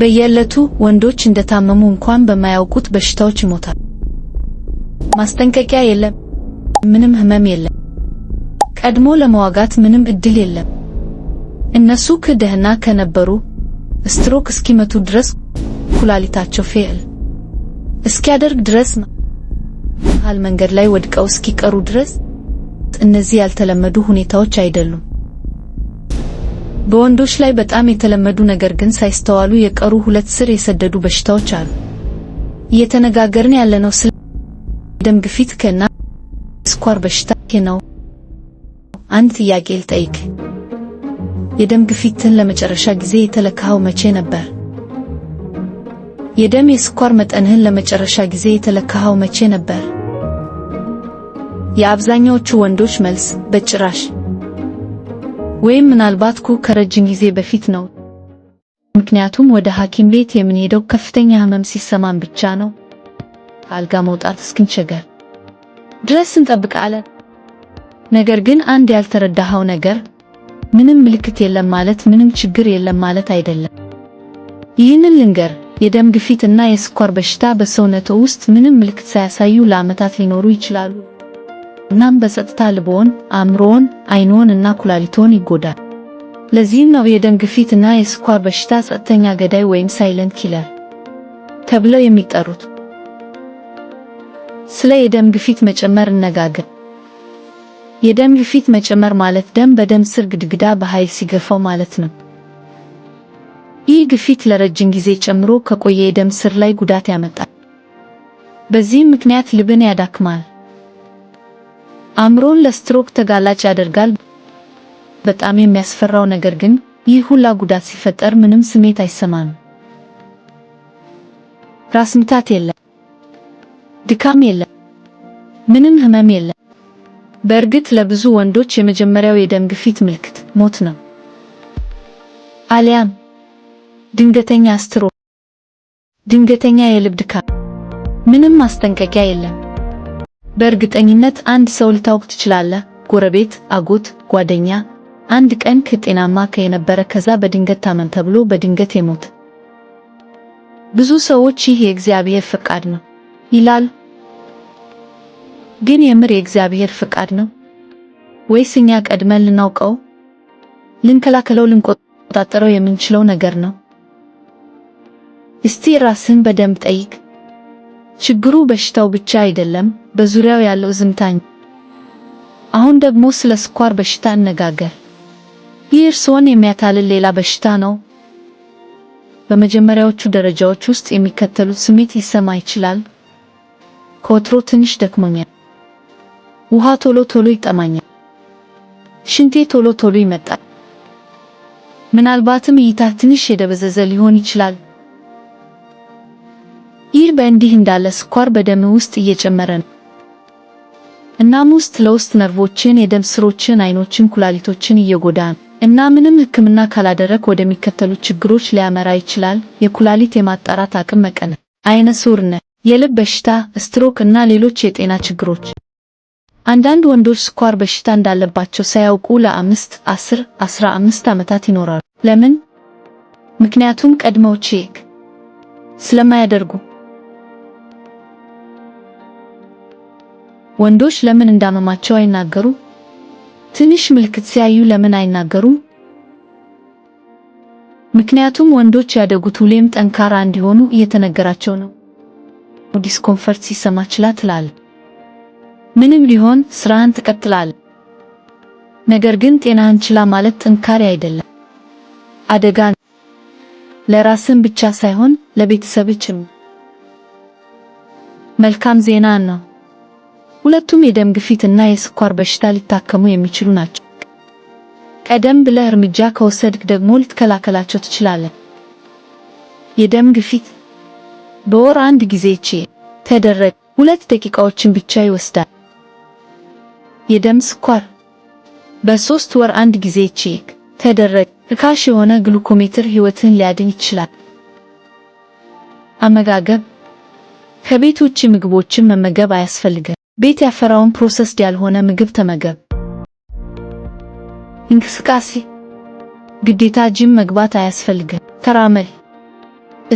በየዕለቱ ወንዶች እንደታመሙ እንኳን በማያውቁት በሽታዎች ይሞታል። ማስጠንቀቂያ የለም። ምንም ህመም የለም። ቀድሞ ለመዋጋት ምንም እድል የለም። እነሱ ከደህና ከነበሩ ስትሮክ እስኪመቱ ድረስ ኩላሊታቸው ፌል እስኪያደርግ ድረስ መሃል መንገድ ላይ ወድቀው እስኪቀሩ ድረስ እነዚህ ያልተለመዱ ሁኔታዎች አይደሉም። በወንዶች ላይ በጣም የተለመዱ ነገር ግን ሳይስተዋሉ የቀሩ ሁለት ስር የሰደዱ በሽታዎች አሉ። እየተነጋገርን ያለነው ስለ ደም ግፊት ከና ስኳር በሽታ ነው። አንድ ጥያቄ ልጠይቅ። የደም ግፊትን ለመጨረሻ ጊዜ የተለካኸው መቼ ነበር? የደም የስኳር መጠንህን ለመጨረሻ ጊዜ የተለካኸው መቼ ነበር? የአብዛኛዎቹ ወንዶች መልስ በጭራሽ ወይም ምናልባት ኩ ከረጅም ጊዜ በፊት ነው። ምክንያቱም ወደ ሐኪም ቤት የምንሄደው ከፍተኛ ህመም ሲሰማን ብቻ ነው። አልጋ መውጣት እስክንቸገር ድረስ እንጠብቃለን። ነገር ግን አንድ ያልተረዳኸው ነገር ምንም ምልክት የለም ማለት ምንም ችግር የለም ማለት አይደለም። ይህንን ልንገር፣ የደም ግፊት እና የስኳር በሽታ በሰውነት ውስጥ ምንም ምልክት ሳያሳዩ ለዓመታት ሊኖሩ ይችላሉ። እናም በጸጥታ ልቦን፣ አእምሮን፣ አይኖን እና ኩላሊቶን ይጎዳል። ለዚህም ነው የደም ግፊት እና የስኳር በሽታ ጸጥተኛ ገዳይ ወይም ሳይለንት ኪለር ተብለው የሚጠሩት። ስለ የደም ግፊት መጨመር እነጋገር። የደም ግፊት መጨመር ማለት ደም በደም ስር ግድግዳ በኃይል ሲገፋው ማለት ነው። ይህ ግፊት ለረጅም ጊዜ ጨምሮ ከቆየ የደም ስር ላይ ጉዳት ያመጣል። በዚህም ምክንያት ልብን ያዳክማል። አእምሮን ለስትሮክ ተጋላጭ ያደርጋል። በጣም የሚያስፈራው ነገር ግን ይህ ሁላ ጉዳት ሲፈጠር ምንም ስሜት አይሰማም ራስ ምታት የለም፣ ድካም የለም፣ ምንም ህመም የለም። በእርግጥ ለብዙ ወንዶች የመጀመሪያው የደም ግፊት ምልክት ሞት ነው፣ አሊያም ድንገተኛ ስትሮክ፣ ድንገተኛ የልብ ድካም። ምንም ማስጠንቀቂያ የለም። በእርግጠኝነት አንድ ሰው ልታውቅ ትችላለህ፣ ጎረቤት፣ አጎት፣ ጓደኛ። አንድ ቀን ከጤናማ ከየነበረ ከዛ በድንገት ታመም ተብሎ በድንገት የሞት ብዙ ሰዎች ይህ የእግዚአብሔር ፈቃድ ነው ይላሉ። ግን የምር የእግዚአብሔር ፈቃድ ነው ወይስ እኛ ቀድመን ልናውቀው፣ ልንከላከለው፣ ልንቆጣጠረው የምንችለው ነገር ነው? እስቲ ራስን በደንብ ጠይቅ። ችግሩ በሽታው ብቻ አይደለም፣ በዙሪያው ያለው ዝምታኝ። አሁን ደግሞ ስለ ስኳር በሽታ እነጋገር ይህ እርስዎን የሚያታልል ሌላ በሽታ ነው። በመጀመሪያዎቹ ደረጃዎች ውስጥ የሚከተሉት ስሜት ሊሰማ ይችላል። ከወትሮ ትንሽ ደክሞኛል። ውሃ ቶሎ ቶሎ ይጠማኛል። ሽንቴ ቶሎ ቶሎ ይመጣል። ምናልባትም እይታ ትንሽ የደበዘዘ ሊሆን ይችላል። ይህ በእንዲህ እንዳለ ስኳር በደም ውስጥ እየጨመረ ነው። እናም ውስጥ ለውስጥ ነርቮችን፣ የደም ስሮችን፣ አይኖችን፣ ኩላሊቶችን እየጎዳ ነው እና ምንም ሕክምና ካላደረግ ወደሚከተሉት ችግሮች ሊያመራ ይችላል። የኩላሊት የማጣራት አቅም መቀነ፣ አይነ ስውርነት፣ የልብ በሽታ፣ ስትሮክ እና ሌሎች የጤና ችግሮች። አንዳንድ ወንዶች ስኳር በሽታ እንዳለባቸው ሳያውቁ ለአምስት አስር አስራ አምስት ዓመታት ይኖራሉ። ለምን? ምክንያቱም ቀድመው ቼክ ስለማያደርጉ ወንዶች ለምን እንዳመማቸው አይናገሩ? ትንሽ ምልክት ሲያዩ ለምን አይናገሩም? ምክንያቱም ወንዶች ያደጉት ሁሌም ጠንካራ እንዲሆኑ እየተነገራቸው ነው። ዲስኮምፈርት ሲሰማ ችላ ትላል። ምንም ሊሆን ስራህን ትቀጥላል። ነገር ግን ጤናህን ችላ ማለት ጥንካሬ አይደለም፣ አደጋ ለራስን ብቻ ሳይሆን ለቤተሰብችም። መልካም ዜና ነው። ሁለቱም የደም ግፊት እና የስኳር በሽታ ሊታከሙ የሚችሉ ናቸው። ቀደም ብለህ እርምጃ ከወሰድክ ደግሞ ልትከላከላቸው ትችላለህ። የደም ግፊት በወር አንድ ጊዜ ቼክ ተደረግ፣ ሁለት ደቂቃዎችን ብቻ ይወስዳል። የደም ስኳር በሶስት ወር አንድ ጊዜ ቼክ ተደረግ። ርካሽ የሆነ ግሉኮሜትር ህይወትን ሊያድን ይችላል። አመጋገብ ከቤት ውጭ ምግቦችን መመገብ አያስፈልግም። ቤት ያፈራውን ፕሮሰስድ ያልሆነ ምግብ ተመገብ። እንቅስቃሴ ግዴታ ጂም መግባት አያስፈልግም። ተራመድ፣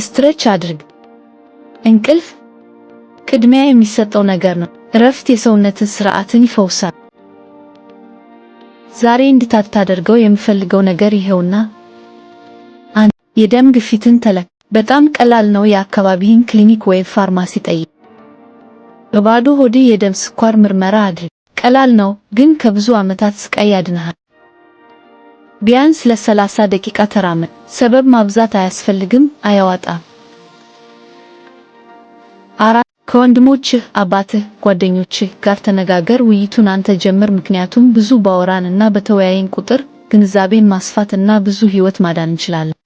ስትሬች አድርግ። እንቅልፍ ቅድሚያ የሚሰጠው ነገር ነው። እረፍት የሰውነትን ስርዓትን ይፈውሳል። ዛሬ እንድታታደርገው የምፈልገው ነገር ይሄውና። አንድ የደም ግፊትን ተለክ። በጣም ቀላል ነው። የአካባቢህን ክሊኒክ ወይም ፋርማሲ ጠይቅ። በባዶ ሆዲ የደም ስኳር ምርመራ አድርግ። ቀላል ነው፣ ግን ከብዙ ዓመታት ስቃይ ያድንሃል። ቢያንስ ለ30 ደቂቃ ተራመድ። ሰበብ ማብዛት አያስፈልግም፣ አያዋጣም። አራት ከወንድሞችህ፣ አባትህ፣ ጓደኞችህ ጋር ተነጋገር። ውይይቱን አንተ ጀምር፣ ምክንያቱም ብዙ ባወራን እና በተወያየን ቁጥር ግንዛቤን ማስፋት እና ብዙ ህይወት ማዳን እንችላለን።